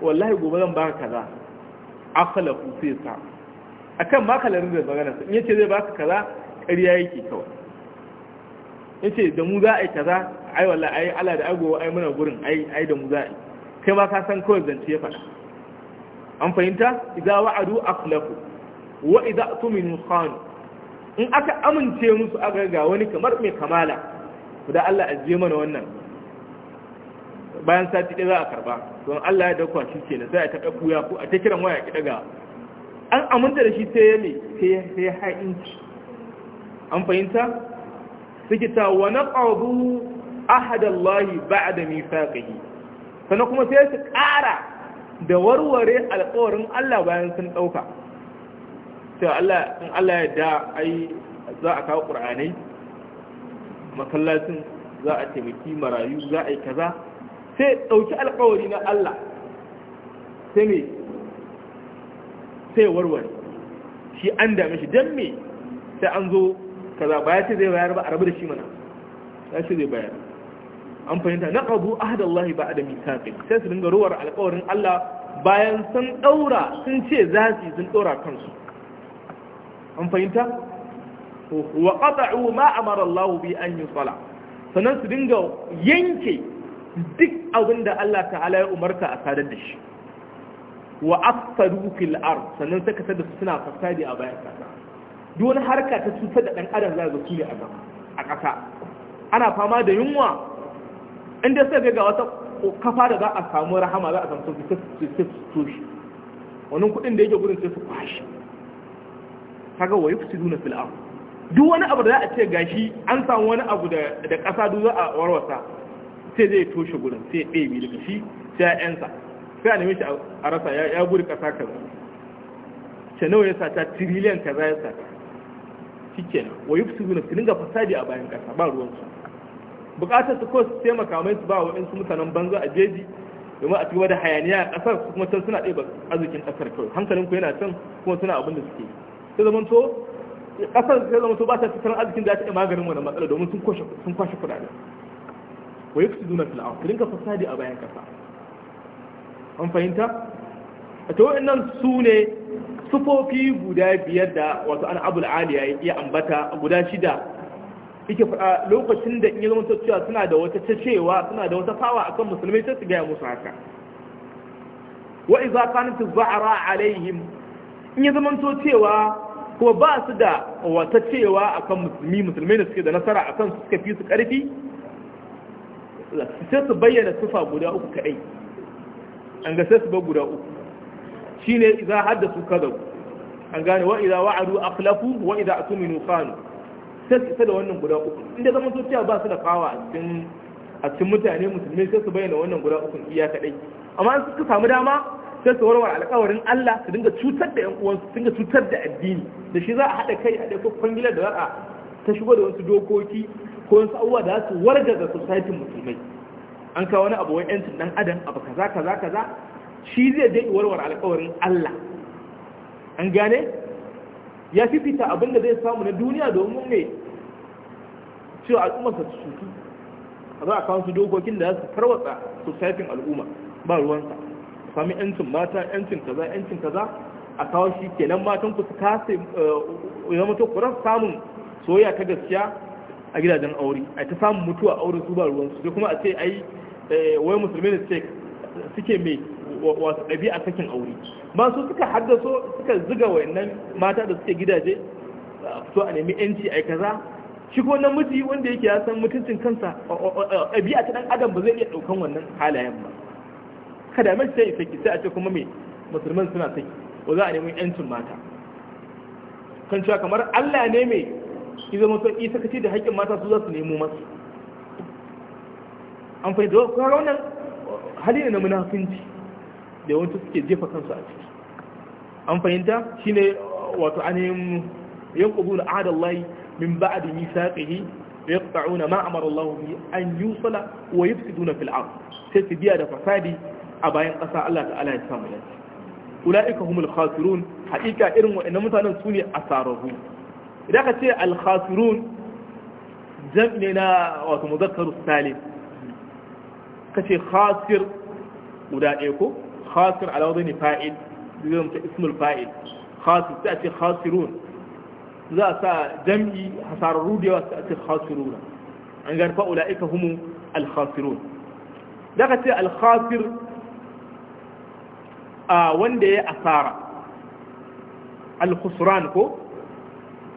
wallahi gobe zan baka kaza aslafu sai sa akan ma kalarin da magana in yace zai baka kaza ƙarya yake kawai ce da mu za a yi kaza ai wallahi ai ala da agowa ai muna gurin ai ai da mu za a yi kai ma ka san kawai zance ya faɗa an fahimta idza wa'adu akhlafu wa idza tumin khanu in aka amince musu aka ga wani kamar mai kamala da Allah ajiye mana wannan bayan sati ɗaya za a karba don Allah ya dauka shi ke na sai a ta ɗabuya ko a ta kiran waya ki ɗaga an aminta da shi sai ya mai sai ya ha'inci an fahimta suke ta wani ƙaru ahadallahi ba da misaƙahi sannan kuma sai su ƙara da warware alƙawarin Allah bayan sun ɗauka ta Allah in Allah ya da ai za a kawo ƙur'anai masallacin za a taimaki marayu za a yi kaza sai ɗauki alƙawari na Allah sai mai sai warware shi an dame shi don me sai an zo kaza ba ya ce zai bayar ba a rabu da shi mana ya ce zai bayar an fahimta na ƙabu ahadallahi ba a da sai su dinga ruwar alƙawarin Allah bayan sun ɗaura sun ce za su sun ɗaura kansu an fahimta wa qata'u ma amara Allah bi an yusala sannan su dinga yanke duk abin da Allah ta'ala ya umarta a sadar da shi wa afsadu fil ard sannan suka tada suna fasadi a bayan kasa duk wani harka ta cutar da dan adam za ga su ne a kasa ana fama da yunwa inda suka ga wata kafa da za a samu rahama za a samu sauki sai su toshe wannan kuɗin da yake gurin sai su kwashe kaga wa yufsiduna fil ard duk wani abu da za a ce gashi an samu wani abu da kasa duk za a warwasa sai zai toshe gurin sai ya ɗebe daga shi sai ya yansa sai a nemi shi a rasa ya guri kasa kaza ce nawa ya sata tiriliyan za ya sata shi nan wa yi su ga fasadi a bayan kasa ba ruwansu bukatar su ko su taimaka mai su ba wa su mutanen banza a jeji domin a cigaba da hayaniya a kasar kuma can suna ɗaya arzikin kasar kawai hankalin ku yana can kuma suna abin da suke sai zaman to kasar sai zama to ba ta fitar arzikin da ta iya maganin wannan matsala domin sun kwashe kuɗaɗe wa yi su duna fil'awa su dinga fasadi a bayan kasa an fahimta to waɗannan su ne sufofi guda biyar da wato an abu aliya ya ambata guda shida ike faɗa lokacin da in yi zama cewa suna da wata cewa suna da wata fawa akan musulmai ta su gaya musu haka wa iza kanat za'ara alaihim in yi zama cewa kuma ba su da wata cewa akan musulmi musulmai da suke da nasara kan su suka fi su karfi sai su bayyana sufa guda uku kadai an ga sai su ba guda uku za a haddasa kadabu an gane wa idza wa'adu filafu, wa a atuminu khanu sai su isa da wannan guda uku inda zama to cewa ba su da kawa a cikin mutane musulmi sai su bayyana wannan guda uku iya kadai amma an suka samu dama sai su warware alƙawarin Allah su dinga cutar da 'yan uwansu su dinga cutar da addini da shi za a haɗa kai a ɗaya kwangilar da za a ta shigo da wasu dokoki ko wasu abubuwa da za su wargaza society musulmai an kawo wani abu wani yancin dan adam abu kaza kaza kaza shi zai dai warware alƙawarin Allah an gane ya fifita abin da zai samu na duniya domin mai cewa al'ummarsa su cutu a za a kawo su dokokin da za su tarwatsa societin al'umma ba ruwansa sami yancin mata yancin kaza yancin kaza a kawo shi kenan matan ku su kasa eh, zama to kuran samun soyayya ta gaskiya a gidajen aure a ta samun mutuwa aure su ba ruwansu sai kuma a ce ai Eh, wai musulmi ne suke suke mai wasu ɗabi'a sakin aure ba su suka haddaso suka ziga wayannan mata da suke gidaje fito a nemi yanci a kaza shi ko namiji wanda yake ya san mutuncin kansa ɗabi'a ta ɗan adam ba zai iya ɗaukan wannan halayen ba kada mai sai saki sai a ce kuma me musulman suna saki ko za a nemi yancin mata kan cewa kamar Allah ne mai ki zama to isa kace da haƙƙin mata su za su nemo masu an fahimta da kuma wannan hali ne na munafinci da yawanci suke jefa kansu a ciki an fahimta shine uh, wato ainihin yanqudu na Allah min ba'di misaqihi yaqta'una ma amara Allah bi an yusala wa yufsiduna fil ard sai su biya da fasadi a bayan ƙasa Allah ta'ala ya samu lafiya ulaika humul khasirun haƙiƙa irin waɗannan mutanen su ne asarahu idan ka ce al khasirun jam'i na wato muzakkar salim Ka ce khasir guda ɗaya ko khasir ala wazni fa'il zai ta ismul fa'il khasir sai a ce khasirun za a sa jam'i hasararru da yawa sai a ce khasiruna an garfa ula'ika humu al-khasirun da ka ce al-khasir a wanda ya asara al-khusran ko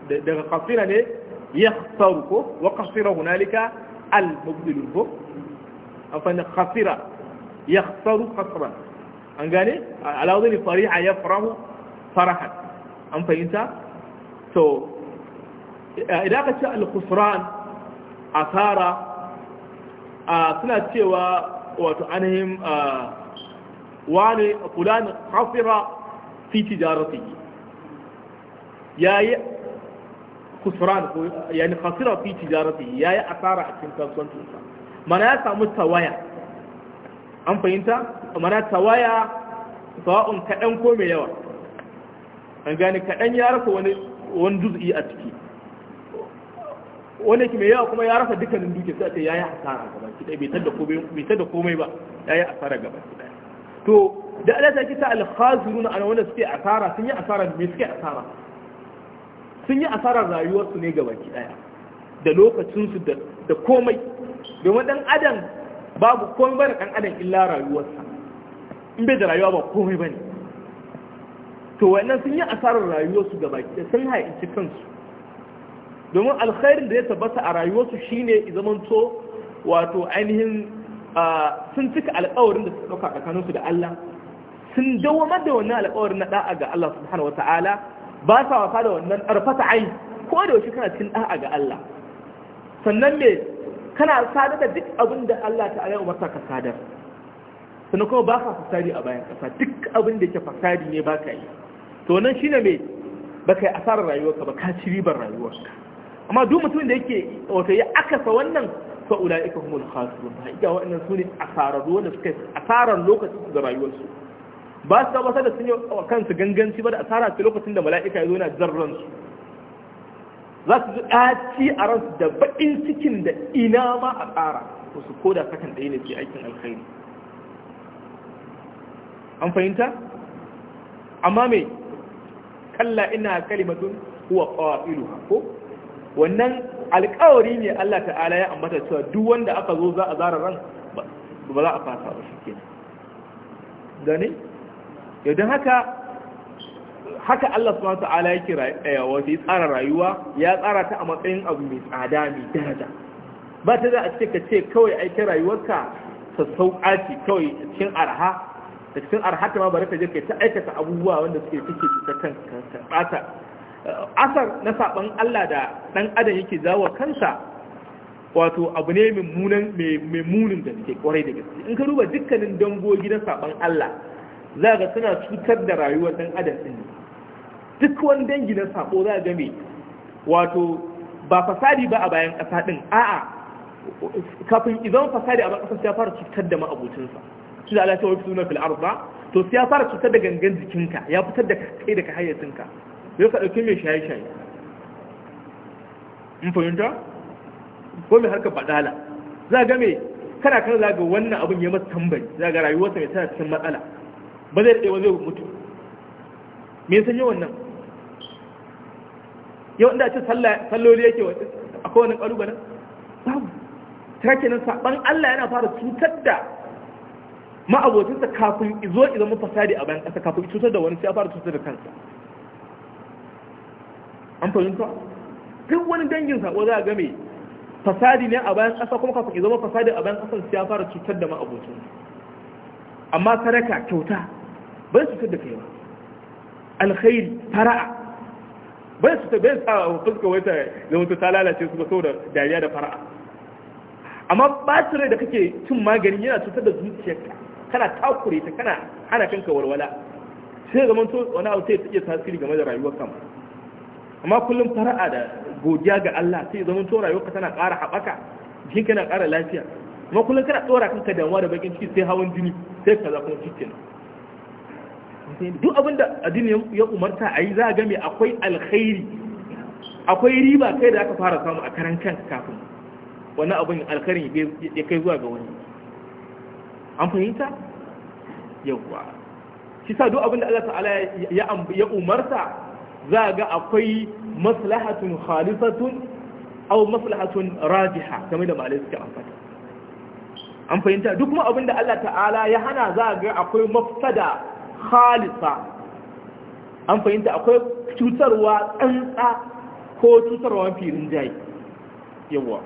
daga khasira ne ya ko wa khasira hunalika al-mubdilun ko afan khasira yakhsaru khasran an gane alawdin fariha yafrahu farahan an fahimta to idan ka ce al-khusran asara suna cewa wato anihim wani fulan khasira fi ya tijaratihi yayi khusran yani khasira fi tijaratihi yayi asara a cikin kasuwancinsa mana ya samu tawaya an fahimta mana tawaya sawa'un kaɗan ko mai yawa an gani kaɗan ya rasa wani juz'i a ciki wani ki mai yawa kuma ya rasa dukkanin duke sai ce yayi asara gaba ki dai bai da komai tada komai ba yayi asara gaba ki ɗaya, to da Allah ta kita al-khazirun ana wanda suke asara sun yi asara me suke asara sun yi asarar rayuwarsu ne gaba ki daya da lokacinsu da komai domin ɗan adam babu komai bane ɗan adam illa rayuwarsa in bai da rayuwa ba komai ne, to wannan sun yi asarar rayuwarsu baki da sun haici kansu domin alkhairin da ya tabbata a rayuwarsu shine to wato ainihin sun cika alkawarin da suka ɗauka tsakaninsu da Allah sun dawamar da wannan alkawarin na ɗa'a ga Allah subhanahu ta'ala ba sa wasa da wannan ƙarfata ai ko da wasu kana cikin da'a ga Allah sannan me kana sadar da duk abin da Allah ta alaihi umarta ka sadar sannan kuma ba ka fasari a bayan ƙasa duk abin da ke fasari ne ba ka yi to nan ne mai ba ka yi asarar rayuwarka ba ka ci ribar rayuwarka amma duk mutum da yake wata ya akasa wannan fa ulaika ba. khasirun haƙiƙa wa'annan sune asararru wanda suka asarar lokacin da rayuwarsu ba su tabbatar da sun yi kansu ganganci ba da asara ta lokacin da mala'ika ya zo yana zarran su za su ji ɗaci a ransu da baƙin cikin da ina ma a ƙara wasu ko da sakan ɗaya ne ke aikin alkhairi an fahimta amma me kalla ina kalimatun huwa Ilu ko wannan alƙawari ne Allah ta'ala ya ambata cewa duk wanda aka zo za a zara ran ba za a fasa ba ke gane yadda haka haka Allah subhanahu ta'ala yake eh, wato ya tsara rayuwa ya tsara ta a matsayin abu mai tsada mai daraja ba ta da a ce ka ce kawai aiki rayuwarka ta sauƙa ce kawai cikin arha da cikin arha ta ma bari ka je kai ta aikata abubuwa wanda suke suke ta kan ka ɓata eh, asar na saban Allah da dan adam yake jawo kansa wato abu ne munan mai munin da gaske kwarai da gaske in ka duba dukkanin dangogi na saban Allah za ga suna cutar da rayuwar dan adam din duk wani dangi na sako za a game wato ba fasadi ba a bayan ƙasa ɗin a'a kafin idan fasadi a ƙasar ya fara cutar da ma'abocinsa su da alaƙa wani suna fil arba to ya fara cutar da gangan jikinka ya fitar da kai daga hayyacinka yau ka ɗauki mai shaye-shaye in fahimta ko mai harkar badala za a game kana kan za ga wannan abin ya masa tambayi, za ga rayuwarsa mai tana cikin matsala ba zai daɗe ba zai mutu me san yawan nan yau inda ce salloli yake wata a kowane kalubalen babu take nan saɓan Allah yana fara cutar da ma'abocinsa kafin izo izo mu fasadi a bayan ƙasa kafin cutar da wani sai ya fara cutar da kansa an fahimta duk wani dangin saƙo za a game fasadi ne a bayan ƙasa kuma kafin izo mu fasadi a bayan ƙasan sai ya fara cutar da ma'abocin amma sadaka kyauta bai cutar da kai ba alkhairi fara'a bai su ta bai sa fuska wata da wata ta lalace su ba da dariya da fara'a amma su rai da kake cin magani yana cutar da zuciyarka kana takure ta kana hana kanka walwala sai zama to wani abu sai ta iya tasiri game da rayuwar kama. amma kullum fara'a da godiya ga Allah sai zama to rayuwarka tana ƙara haɓaka jikinka yana ƙara lafiya amma kullum kana tsora kanka damuwa da bakin ciki sai hawan jini sai kaza kuma cikin sai duk abinda addini ya umarta a yi za a game akwai alkhairi akwai riba kai da aka fara samu a karan kanka kafin wani abin alkhairin ya kai zuwa ga wani an fahimta yawwa shi sa duk abinda Allah ta'ala ya umarta za ga akwai maslahatun khalisatun aw maslahatun rajiha kamar da malai suke amfata an fahimta duk kuma abinda Allah ta'ala ya hana za ga akwai mafsada khalisa an fahimta akwai cutarwa tsantsa ko cutarwa firin jayi yawwa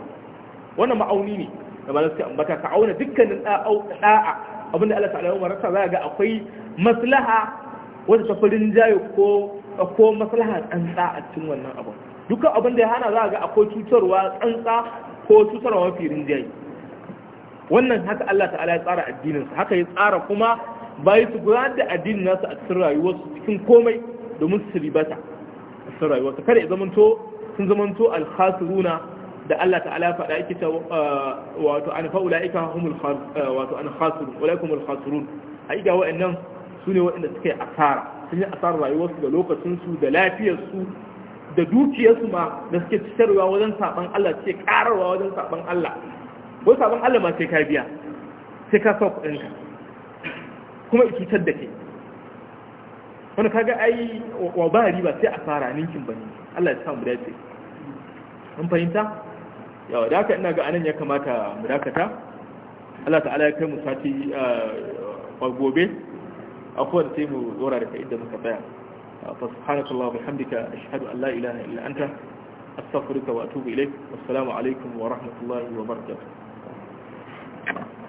wannan ma'auni ne da ba suka ambata ka auna dukkanin da'a abinda Allah ta'ala umar ta za ga akwai maslaha wata ta firin jayi ko ko maslaha tsantsa a cikin wannan abu dukkan abin da ya hana za ga akwai cutarwa tsantsa ko cutarwa firin jayi wannan haka Allah ta'ala ya tsara addininsa haka ya tsara kuma bayi su gudanar da addinin nasu a cikin rayuwarsu cikin komai domin su ribata a cikin rayuwarsu kada ya zamanto sun zamanto alhasiruna da Allah ta'ala ya faɗa yake ah, wato an fa'ula ika humul ah, wato an khasirun ulaikumul khasirun a iga wa'annan su ne waɗanda suka yi asara sun yi asarar rayuwarsu da lokacinsu da lafiyarsu da dukiyarsu ma da suke fitarwa wajen saban Allah ce ƙararwa wajen saban Allah ko saban Allah ma sai ka biya sai ka sa kuɗinka kuma ya cutar da ke wani kaga ai wa ba riba sai a fara ninkin bane Allah ya sa mu dace an fahimta yawa da haka ina ga anan ya kamata mu dakata Allah ta'ala ya kai mu sati ah, a gobe akwai sai mu dora da kai da muka tsaya fa subhanallahi wa bihamdika ashhadu an la ilaha illa anta astaghfiruka wa atubu ilaik assalamu alaikum wa rahmatullahi wa barakatuh